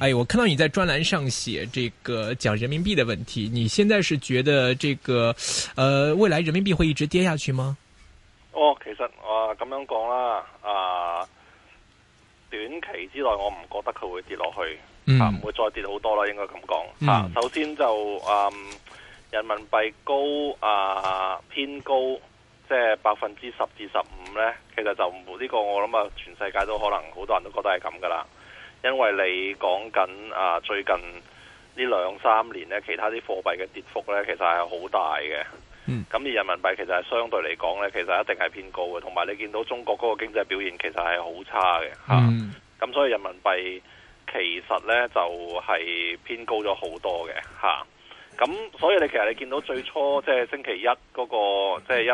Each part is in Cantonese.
哎呦，我看到你在專欄上寫這個講人民幣的問題，你現在是覺得這個，呃，未來人民幣會一直跌下去嗎？哦，其實啊呃、咁樣講啦，啊、呃，短期之內我唔覺得佢會跌落去，嗯、啊唔會再跌好多啦，應該咁講、嗯啊。首先就啊、呃，人民幣高啊、呃、偏高，即係百分之十至十五咧，其實就呢個我諗啊，全世界都可能好多人都覺得係咁噶啦。因為你講緊啊，最近呢兩三年呢，其他啲貨幣嘅跌幅呢，其實係好大嘅。咁、嗯、而人民幣其實係相對嚟講呢，其實一定係偏高嘅。同埋你見到中國嗰個經濟表現，其實係好差嘅。咁、嗯啊、所以人民幣其實呢，就係偏高咗好多嘅。吓、啊。咁所以你其實你見到最初即係星期一嗰個，即係一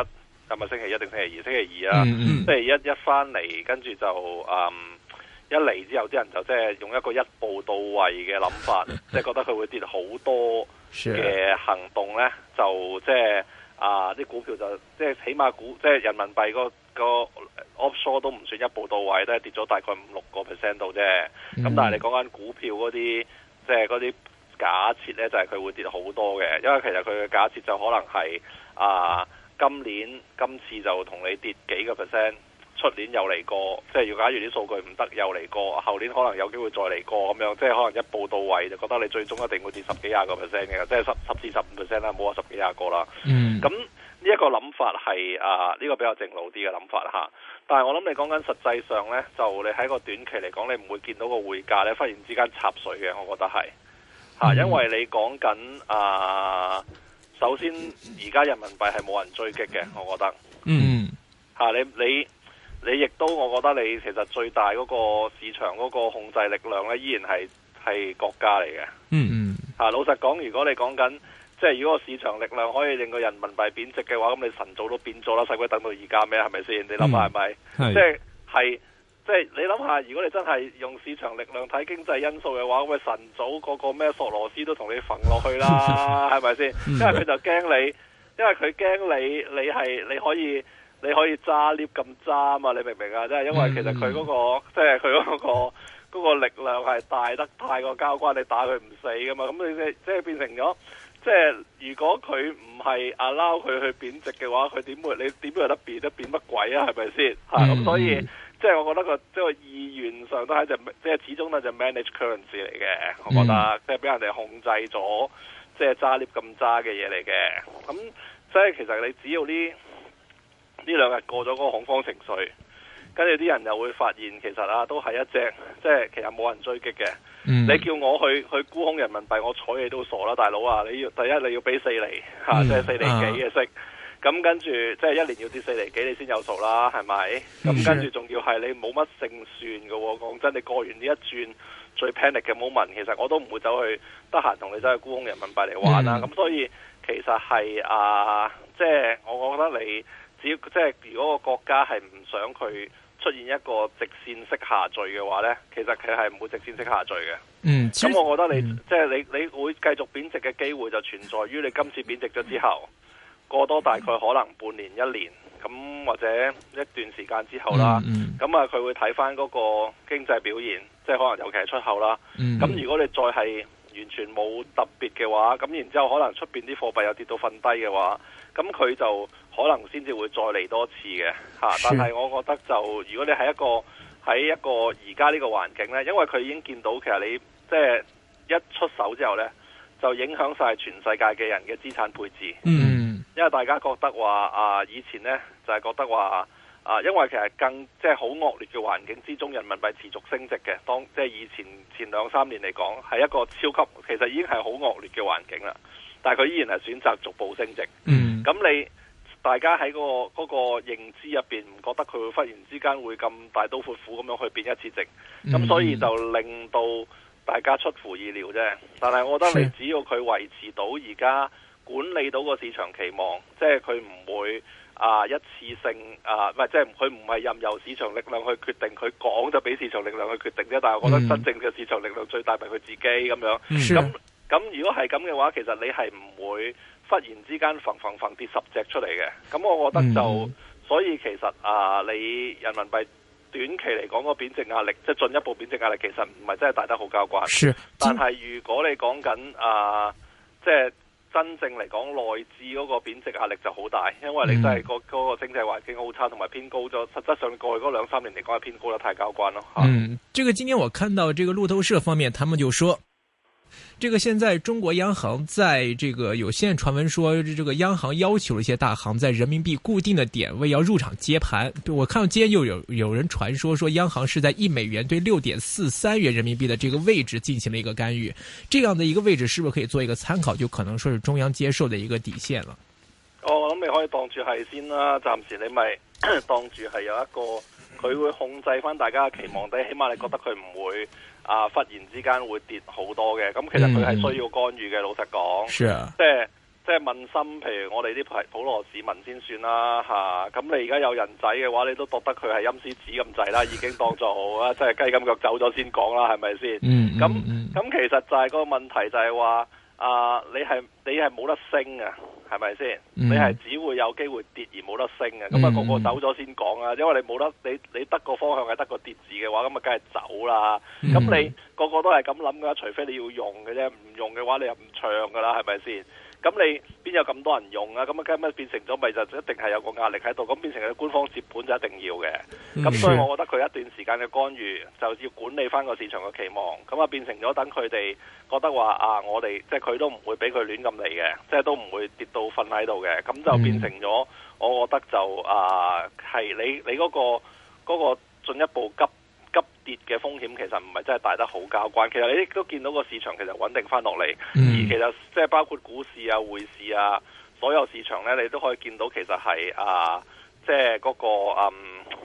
係咪星期一定星期二？星期二啊。星、嗯、期、嗯、一一翻嚟，跟住就、嗯一嚟之後，啲人就即係用一個一步到位嘅諗法， 即係覺得佢會跌好多嘅行動呢、Sure. 就即係啊啲股票就即係起碼股，即係人民幣嗰、嗰個 offshore 都唔算一步到位，都係跌咗大概五六個 percent 度啫。咁、mm. 但係你講緊股票嗰啲，即係嗰啲假設呢，就係、係、佢會跌好多嘅，因為其實佢嘅假設就可能係啊今年今次就同你跌幾個 percent。出年又嚟過，即係要假如啲數據唔得，又嚟過。後年可能有機會再嚟過咁樣，即係可能一步到位就覺得你最終一定會跌十幾廿個 percent 嘅，即係十十至十五 percent 啦，冇話十幾廿個啦。嗯，咁呢一個諗法係啊，呢、呢個比較正路啲嘅諗法嚇、啊。但係我諗你講緊實際上呢，就你喺個短期嚟講，你唔會見到個匯價咧忽然之間插水嘅，我覺得係嚇、啊，因為你講緊啊，首先而家人民幣係冇人追擊嘅，我覺得嗯嚇、啊，你你。你亦都，我覺得你其實最大嗰個市場嗰個控制力量咧，依然係係國家嚟嘅。嗯嗯、啊。老實講，如果你講緊即係如果個市場力量可以令個人民幣貶值嘅話，咁你晨早都貶咗啦，使鬼等到而家咩？係咪先？你諗下係咪？即係即係你諗下，如果你真係用市場力量睇經濟因素嘅話，咁啊晨早嗰個咩索羅斯都同你揈落去啦，係咪先？因為佢就驚你，因為佢驚你，你係你可以。你可以揸 lift 咁揸嘛？你明唔明啊？即、嗯、係因為其實佢嗰、那個、嗯、即係佢嗰個嗰、那個力量係大得太過交關，你打佢唔死噶嘛？咁你即係即係變成咗，即係如果佢唔係 allow 佢去貶值嘅話，佢點會你點有得變得變乜鬼啊？係咪先吓？咁、嗯、所以即係我覺得個即係意願上都係只即係始終都係只 manage currency 嚟嘅，嗯。我覺得即係俾人哋控制咗，即係揸 lift 咁揸嘅嘢嚟嘅。咁即係其實你只要呢。呢兩日過咗嗰個恐慌情緒，跟住啲人又會發現，其實啊都係一隻，即係其實冇人追擊嘅、嗯。你叫我去去沽空人民幣，我睬你都傻啦，大佬啊！你要第一你要俾四厘吓、啊嗯就是啊，即係四厘幾嘅息。咁跟住即係一年要跌四厘幾，你先有數啦，係咪？咁、嗯嗯、跟住仲要係你冇乜勝算嘅。講真，你過完呢一轉最 panic 嘅 moment，其實我都唔會走去得閒同你走去沽空人民幣嚟玩啦。咁、嗯啊、所以其實係啊，即係我我覺得你。只要即係，如果個國家係唔想佢出現一個直線式下墜嘅話呢，其實佢係唔會直線式下墜嘅。嗯，咁我覺得你、嗯、即係你你會繼續貶值嘅機會就存在於你今次貶值咗之後，過多大概可能半年一年咁或者一段時間之後啦。咁、嗯、啊，佢、嗯、會睇翻嗰個經濟表現，即係可能尤其係出口啦。咁、嗯、如果你再係完全冇特別嘅話，咁然之後可能出邊啲貨幣又跌到瞓低嘅話，咁佢就。可能先至會再嚟多次嘅吓，但係我覺得就如果你喺一個喺一個而家呢個環境呢，因為佢已經見到其實你即係一出手之後呢，就影響晒全世界嘅人嘅資產配置。嗯，因為大家覺得話啊，以前呢就係、是、覺得話啊，因為其實更即係好惡劣嘅環境之中，人民幣持續升值嘅，當即係以前前兩三年嚟講係一個超級其實已經係好惡劣嘅環境啦。但係佢依然係選擇逐步升值。嗯，咁你。大家喺嗰個嗰個認知入邊唔覺得佢會忽然之間會咁大刀闊斧咁樣去變一次值，咁、嗯、所以就令到大家出乎意料啫。但係我覺得你只要佢維持到而家管理到個市場期望，即係佢唔會啊一次性啊唔係即係佢唔係任由市場力量去決定，佢講就俾市場力量去決定啫。但係我覺得真正嘅市場力量最大係佢自己咁、嗯、樣，咁咁如果係咁嘅話，其實你係唔會。忽然之間，逢逢逢跌十隻出嚟嘅，咁我覺得就，嗯、所以其實啊、呃，你人民幣短期嚟講個貶值壓力，即、就、係、是、進一步貶值壓力，其實唔係真係大得好交關。但係如果你講緊啊，即、呃、係、就是、真正嚟講，內置嗰個貶值壓力就好大，因為你就係嗰嗰個經濟環境好差，同埋偏高咗，實質上過去嗰兩三年嚟講係偏高得太交關咯。嗯、啊，這個今天我看到這個路透社方面，他們就說。這個現在中國央行在這個有線傳聞說，這個央行要求一些大行在人民幣固定的點位要入場接盤。對，我看到今天又有有人傳說說，央行是在一美元對六點四三元人民幣的這個位置進行了一個干預。這樣的一個位置是不是可以做一個參考？就可能說是中央接受的一個底線了。哦，我諗你可以當住係先啦，暫時你咪當住係有一個，佢會控制翻大家嘅期望，但起碼你覺得佢唔會。啊！忽然之間會跌好多嘅，咁其實佢係需要干預嘅、嗯。老實講、啊，即係即係問心，譬如我哋啲普羅市民先算啦咁、啊、你而家有人仔嘅話，你都覺得佢係陰司子咁仔啦， 已經當做好啦。即係雞咁腳走咗先講啦，係咪先？咁咁、嗯、其實就係個問題就，就係話。啊！你係你係冇得升啊，係咪先？你係只會有機會跌而冇得升啊！咁、嗯、啊，那個個走咗先講啊，因為你冇得你你得個方向係得個跌字嘅話，咁啊，梗係走啦！咁你個個都係咁諗㗎，除非你要用嘅啫，唔用嘅話你，你又唔唱㗎啦，係咪先？咁你邊有咁多人用啊？咁啊，咁啊，變成咗咪就一定係有個壓力喺度，咁變成係官方接盤就一定要嘅。咁所以我覺得佢一段時間嘅干預就要管理翻個市場嘅期望。咁啊，變成咗等佢哋覺得話啊，我哋即係佢都唔會俾佢亂咁嚟嘅，即係都唔會，會跌到瞓喺度嘅。咁就變成咗，我覺得就啊，係你你嗰個嗰個進一步急。跌嘅風險其實唔係真係大得好交關，其實你都見到個市場其實穩定翻落嚟，而其實即係包括股市啊、匯市啊，所有市場咧，你都可以見到其實係啊，即係嗰個嗯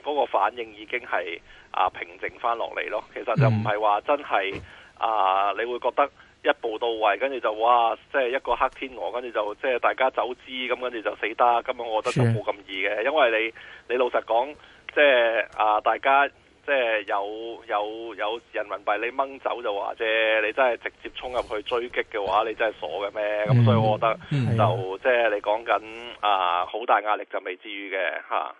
嗰個反應已經係啊平靜翻落嚟咯。其實就唔係話真係、嗯、啊，你會覺得一步到位，跟住就哇，即係一個黑天鵝，跟住就即係大家走資咁，跟住就死得。咁樣我覺得就冇咁易嘅，因為你你老實講，即係啊大家。即係有有有人民幣你掹走就話啫，你真係直接衝入去追擊嘅話，你真係傻嘅咩？咁、嗯嗯、所以我覺得、嗯、就、嗯、就即係你講緊啊，好大壓力就未至於嘅嚇。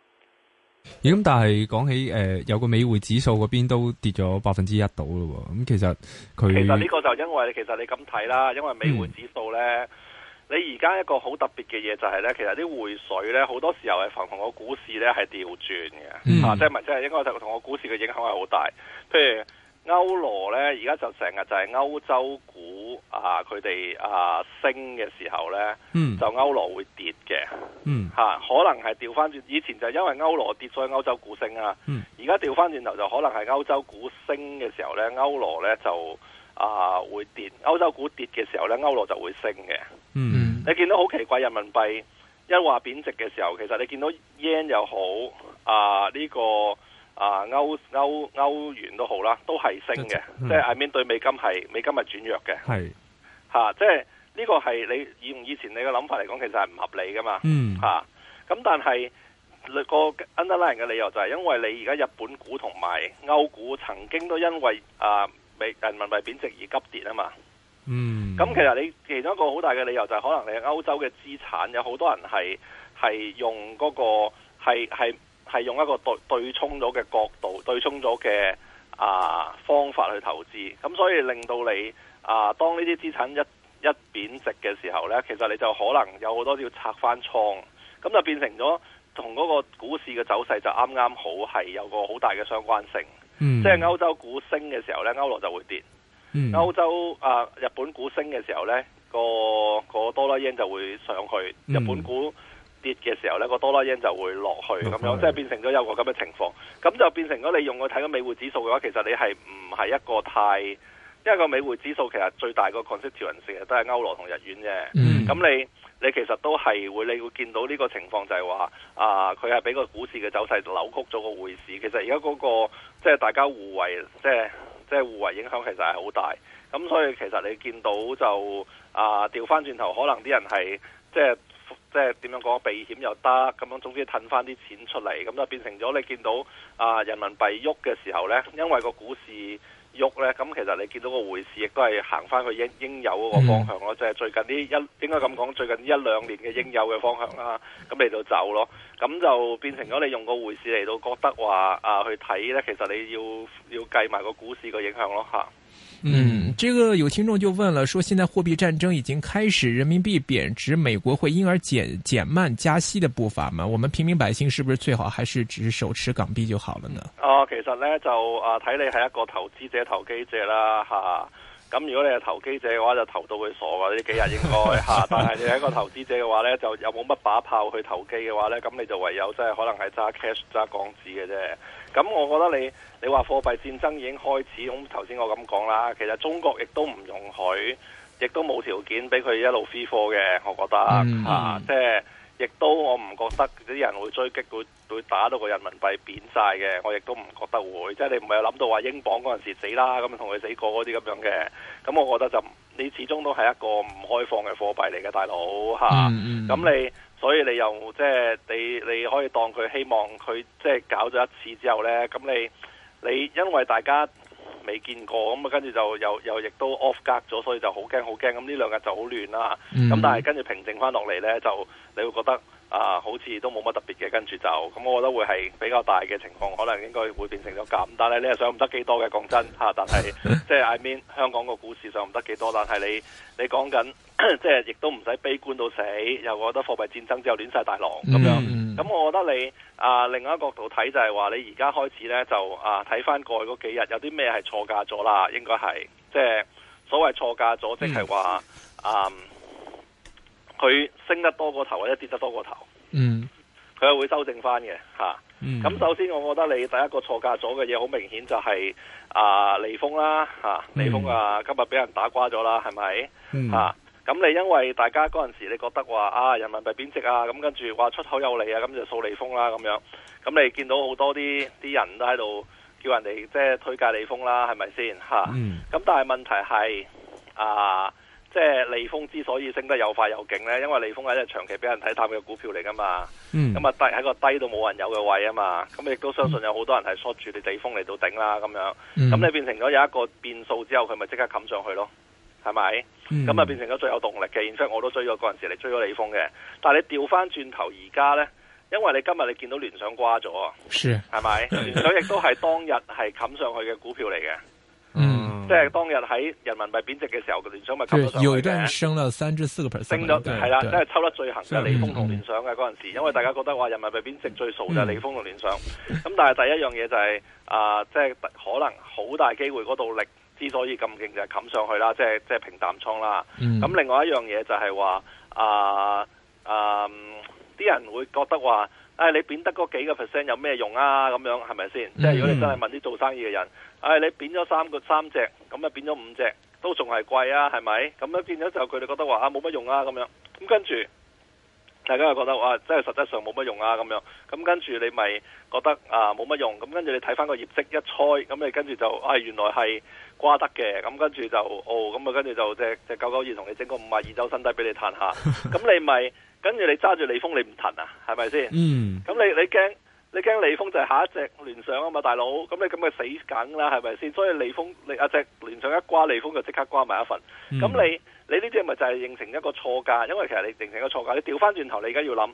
咦？咁、啊嗯、但係講起誒、呃，有個美匯指數嗰邊都跌咗百分之一度咯喎。咁其實佢其實呢個就因為其實你咁睇啦，因為美匯指數咧。嗯你而家一個好特別嘅嘢就係咧，其實啲匯水咧好多時候係同個股市咧係調轉嘅，嚇，即係唔係即係應該就同個股市嘅影響係好大。譬如歐羅咧，而家就成日就係歐洲股啊，佢哋啊升嘅時候咧、嗯，就歐羅會跌嘅，嚇、嗯啊、可能係調翻轉。以前就因為歐羅跌，所以歐洲股升啊。而家調翻轉頭就可能係歐洲股升嘅時候咧，歐羅咧就啊會跌。歐洲股跌嘅時候咧，歐羅就會升嘅。嗯你見到好奇怪，人民幣一話貶值嘅時候，其實你見到 yen 又好啊，呢、呢個啊歐歐歐元都好啦，都係升嘅、嗯，即係 yen I mean, 對美金係美金係轉弱嘅、啊，即係呢個係你以以前你嘅諗法嚟講，其實係唔合理㗎嘛，咁、嗯啊、但係個 underline 嘅理由就係因為你而家日本股同埋歐股曾經都因為啊美人民幣貶值而急跌啊嘛。嗯，咁其實你其中一個好大嘅理由就係可能你歐洲嘅資產有好多人係係用嗰個係係係用一個對對沖咗嘅角度對沖咗嘅啊方法去投資，咁所以令到你啊當呢啲資產一一貶值嘅時候咧，其實你就可能有好多要拆翻倉，咁就變成咗同嗰個股市嘅走勢就啱啱好係有個好大嘅相關性，即係歐洲股升嘅時候咧，歐羅就會跌。嗯、歐洲啊，日本股升嘅時候咧，個個多啦鈞就會上去；嗯、日本股跌嘅時候咧，個多啦鈞就會落去，咁、嗯、樣即係變成咗有一個咁嘅情況。咁就變成咗你用我睇個美匯指數嘅話，其實你係唔係一個太，因為個美匯指數其實最大個 c o n c e n c 人士都係歐羅同日元嘅。咁、嗯、你你其實都係會，你會見到呢個情況就係話啊，佢係俾個股市嘅走勢扭曲咗個匯市。其實而家嗰個即係大家互為即係。即係互為影響，其實係好大。咁所以其實你見到就啊，調翻轉頭，可能啲人係即係即係點樣講？避險又得，咁樣總之褪翻啲錢出嚟，咁就變成咗你見到啊人民幣喐嘅時候呢，因為個股市喐呢，咁其實你見到個匯市亦都係行翻去應應有嗰個方向咯，即、嗯、係、就是、最近呢一應該咁講，最近一兩年嘅應有嘅方向啦，咁嚟到走咯。咁就變成咗你用個回事嚟到覺得話啊去睇咧，其實你要要計埋個股市個影響咯吓。嗯，這個有聽眾就問啦，說現在貨幣戰爭已經開始，人民幣貶值，美國會因而減減慢加息的步伐嘛？我們平民百姓是不是最好還是只是手持港幣就好了呢？哦、啊，其實咧就啊睇你係一個投資者、投機者啦吓。啊咁如果你係投機者嘅話，就投到佢傻㗎呢幾日應該嚇。但係你係一個投資者嘅話呢，就有冇乜把炮去投機嘅話呢，咁你就唯有真係可能係揸 cash 揸港紙嘅啫。咁我覺得你你話貨幣戰爭已經開始，咁頭先我咁講啦，其實中國亦都唔容許，亦都冇條件俾佢一路 free fall 嘅，我覺得嚇，即係、嗯啊嗯亦都我唔覺得啲人會追擊會會打到個人民幣貶晒嘅。我亦都唔覺得會，即係你唔係有諗到話英鎊嗰陣時死啦，咁同佢死過嗰啲咁樣嘅。咁我覺得就你始終都係一個唔開放嘅貨幣嚟嘅，大佬嚇。咁、嗯嗯啊、你所以你又即係你你可以當佢希望佢即係搞咗一次之後咧，咁你你因為大家。未見過，咁啊！跟住就又又亦都 off guard 咗，所以就好驚好驚。咁呢兩日就好亂啦。咁、嗯、但係跟住平靜翻落嚟呢，就你會覺得。啊，好似都冇乜特別嘅，跟住就咁，我覺得會係比較大嘅情況，可能應該會變成咗咁。但係你上唔得幾多嘅，講真吓但係、啊、即係 I mean，香港個股市上唔得幾多，但係你你講緊即係亦都唔使悲觀到死。又覺得貨幣戰爭之後亂晒大浪咁、嗯、樣。咁我覺得你啊、呃，另一個角度睇就係、是、話你而家開始呢，就啊睇翻過去嗰幾日有啲咩係錯價咗啦，應該係即係所謂錯價咗，即係話啊。佢升得多過頭，或者跌得多過頭，嗯，佢會修正翻嘅，咁、啊嗯、首先，我覺得你第一個錯價咗嘅嘢，好明顯就係、是、啊利豐啦，嚇利豐啊，今日俾人打瓜咗啦，係咪？咁、嗯啊、你因為大家嗰陣時，你覺得話啊人民幣貶值啊，咁跟住話出口有利啊，咁就掃利豐啦，咁樣。咁你見到好多啲啲人都喺度叫人哋即係推介利豐啦，係咪先？咁、啊嗯啊、但係問題係啊。即係利豐之所以升得又快又勁咧，因為利豐係一長期俾人睇淡嘅股票嚟噶嘛。咁啊低喺個低到冇人有嘅位啊嘛。咁亦都相信有好多人係 short 住你地豐嚟到頂啦。咁樣咁、嗯、你變成咗有一個變數之後，佢咪即刻冚上去咯？係咪？咁、嗯、啊變成咗最有動力嘅。然之後我都追咗嗰陣時嚟追咗利豐嘅。但你調翻轉頭而家咧，因為你今日你見到聯想瓜咗啊，係咪？聯想亦都係當日係冚上去嘅股票嚟嘅。即係當日喺人民幣貶值嘅時候，個聯想咪冚咗上去嘅。有一段升咗三至四個 percent。升咗係啦，即係抽得最狠嘅利豐同聯想嘅嗰陣時，嗯，因為大家覺得話人民幣貶值最傻就係利豐同聯想。咁、嗯嗯、但係第一樣嘢就係、是、啊、嗯呃，即係可能好大機會嗰度力之所以咁勁就係冚上去啦，即係即係平淡倉啦。咁、嗯、另外一樣嘢就係話啊啊，啲、呃呃、人會覺得話。哎，你貶得嗰幾個 percent 有咩用啊？咁樣係咪先？Mm-hmm. 即係如果你真係問啲做生意嘅人，哎，你貶咗三個三隻，咁啊貶咗五隻，都仲係貴啊？係咪？咁樣變咗就佢哋覺得話啊冇乜用啊咁樣，咁跟住大家又覺得哇，真係實質上冇乜用啊咁樣，咁跟住你咪覺得啊冇乜用，咁跟住你睇翻個業績一猜，咁你跟住就哎原來係。瓜得嘅，咁跟住就哦，咁啊跟住就隻隻九九二同你整個五廿二周身底俾你彈下，咁你咪跟住你揸住利豐你唔騰啊，係咪先？嗯，咁、哦嗯、你你驚 你驚利豐就係下一隻聯想啊嘛，大佬，咁你咁咪死梗啦，係咪先？所以利豐你一隻聯想一瓜利豐就即刻瓜埋一份，咁、嗯、你你呢啲咪就係形成一個錯價，因為其實你形成一個錯價，你調翻轉頭你而家要諗，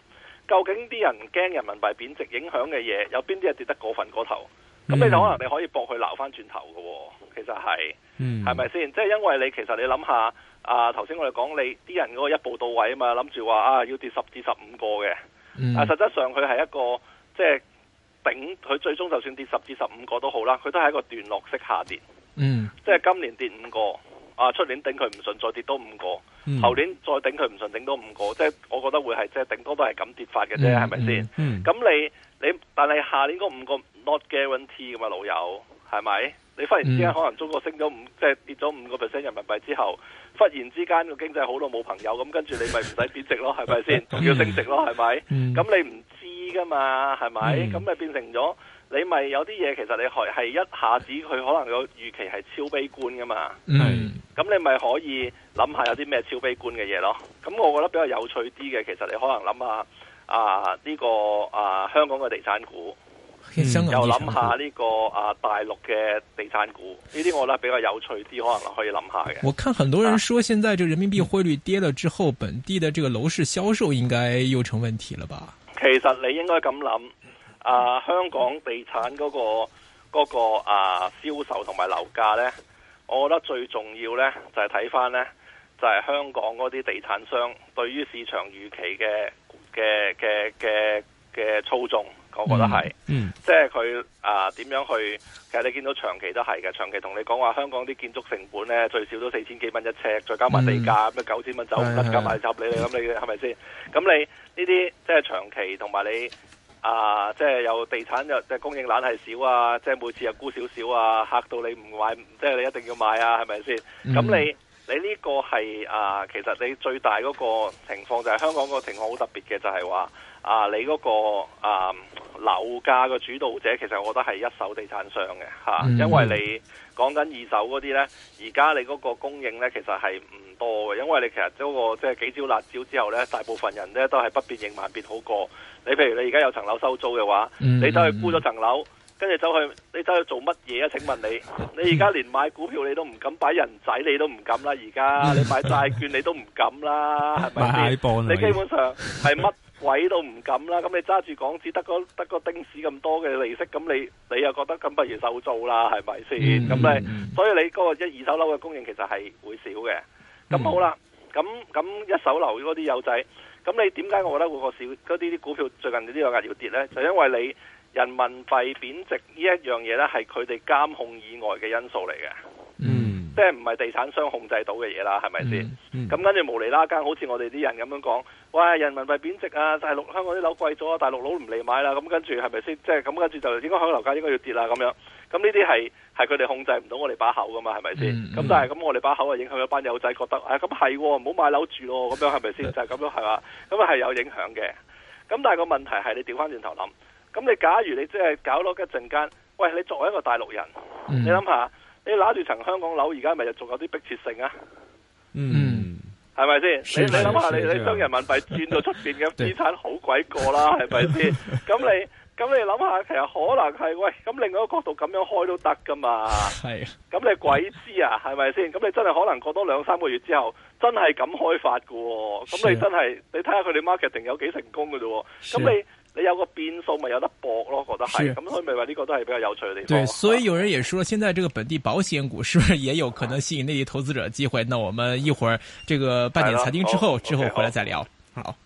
究竟啲人驚人民幣貶值影響嘅嘢有邊啲係跌得過份嗰頭？咁你就可能你可以駁佢鬧翻轉頭嘅喎、哦，其實係，係咪先？即係因為你其實你諗下，啊頭先我哋講你啲人嗰個一步到位啊嘛，諗住話啊要跌十至十五個嘅，但、嗯啊、實質上佢係一個即係頂，佢最終就算跌十至十五個都好啦，佢都係一個段落式下跌。嗯，即係今年跌五個，啊出年頂佢唔順，再跌多五個、嗯，後年再頂佢唔順，頂多五個，即係我覺得會係即係頂多都係咁跌法嘅啫，係咪先？咁、嗯嗯、你。你但係下年嗰五個 not guarantee 咁嘛，老友，係咪？你忽然之間、嗯、可能中國升咗五，即係跌咗五個 percent 人民幣之後，忽然之間個經濟好到冇朋友咁，跟住你咪唔使貶值咯，係咪先？仲要升值咯，係咪？咁你唔知噶嘛，係咪？咁、嗯、咪變成咗你咪有啲嘢其實你係一下子佢可能個預期係超悲觀噶嘛。嗯。咁、嗯、你咪可以諗下有啲咩超悲觀嘅嘢咯。咁我覺得比較有趣啲嘅，其實你可能諗下。啊！呢、這個啊香港嘅地產股，嗯、又諗下呢個啊大陸嘅地產股，呢啲我覺得比較有趣啲，可能可以諗下嘅。我看很多人說，現在就人民幣匯率跌了之後、啊，本地的這個樓市銷售應該又成問題了吧？其實你應該咁諗，啊香港地產嗰、那個嗰、那個啊銷售同埋樓價呢，我覺得最重要呢，就係睇返呢，就係、是、香港嗰啲地產商對於市場預期嘅。嘅嘅嘅嘅操縱，我覺得係、嗯，嗯，即係佢啊點樣去？其實你見到長期都係嘅，長期同你講話香港啲建築成本咧最少都四千幾蚊一尺，再加埋地價咁，九千蚊走唔得，加埋集、嗯。你，是是你諗你係咪先？咁你呢啲即係長期同埋你啊、呃，即係有地產又即係供應難係少啊，即係每次又沽少少啊，嚇到你唔買，即係你一定要買啊，係咪先？咁、嗯、你。你呢個係啊，其實你最大嗰個情況就係、是、香港個情況好特別嘅，就係、是、話啊，你嗰、那個啊樓價嘅主導者其實我覺得係一手地產商嘅、啊 mm-hmm. 因為你講緊二手嗰啲呢，而家你嗰個供應呢，其實係唔多嘅，因為你其實嗰、那個即係幾招辣招之後呢，大部分人呢都係不變應萬變好過。你譬如你而家有層樓收租嘅話，mm-hmm. 你都係沽咗層樓。跟住走去，你走去做乜嘢啊？請問你，你而家連買股票你都唔敢擺人仔你，你都唔敢啦。而家你買債券你都唔敢啦，係 咪你基本上係乜鬼都唔敢啦。咁 你揸住港紙得個得個丁屎咁多嘅利息，咁你你又覺得咁不如收租啦，係咪先？咁、嗯、你，所以你嗰個一二手樓嘅供應其實係會少嘅。咁、嗯、好啦，咁咁一手樓嗰啲有仔咁你點解我覺得會個少嗰啲啲股票最近呢兩日要跌呢？就因為你。人民幣貶值一呢一樣嘢咧，係佢哋監控以外嘅因素嚟嘅，嗯，即係唔係地產商控制到嘅嘢啦，係咪先？咁、嗯嗯、跟住無厘啦更，好似我哋啲人咁樣講，喂，人民幣貶值啊，大陸香港啲樓貴咗，大陸佬唔嚟買啦，咁跟住係咪先？即係咁跟住就應該香港樓價應該要跌啦咁樣。咁呢啲係係佢哋控制唔到我哋把口噶嘛，係咪先？咁、嗯嗯、但係咁我哋把口啊，影響咗班友仔覺得，唉、哎，咁係喎，唔好買樓住咯，咁樣係咪先？就係、是、咁樣係嘛，咁啊係有影響嘅。咁但係個問題係你調翻轉頭諗。咁你假如你真係搞落一陣間，喂，你作為一個大陸人，嗯、你諗下，你拿住層香港樓，而家咪仲有啲迫切性啊？嗯，係咪先？你是是你諗下，是是你你將人民幣轉到出邊嘅資產好 鬼過啦，係咪先？咁 你咁你諗下，其實可能係喂，咁另外一個角度咁樣開都得噶嘛？係。咁你鬼知啊？係咪先？咁你真係可能過多兩三個月之後，真係咁開發噶、哦？咁你真係你睇下佢哋 marketing 有幾成功噶啫、哦？咁你。你有個變數咪有得搏咯，覺得係，咁所以咪話呢個都係比較有趣嘅地方。對，所以有人也說，現在這個本地保險股，是不是也有可能吸引內地投資者的機會？那我們一會兒這個半點財經之後之後，之後回來再聊。Okay, 好。好